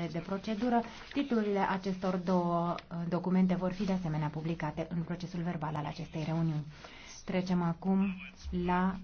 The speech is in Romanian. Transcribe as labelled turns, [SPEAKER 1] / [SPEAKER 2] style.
[SPEAKER 1] regulile de procedură. Titlurile acestor două uh, documente vor fi de asemenea publicate în procesul verbal al acestei reuniuni. Trecem acum la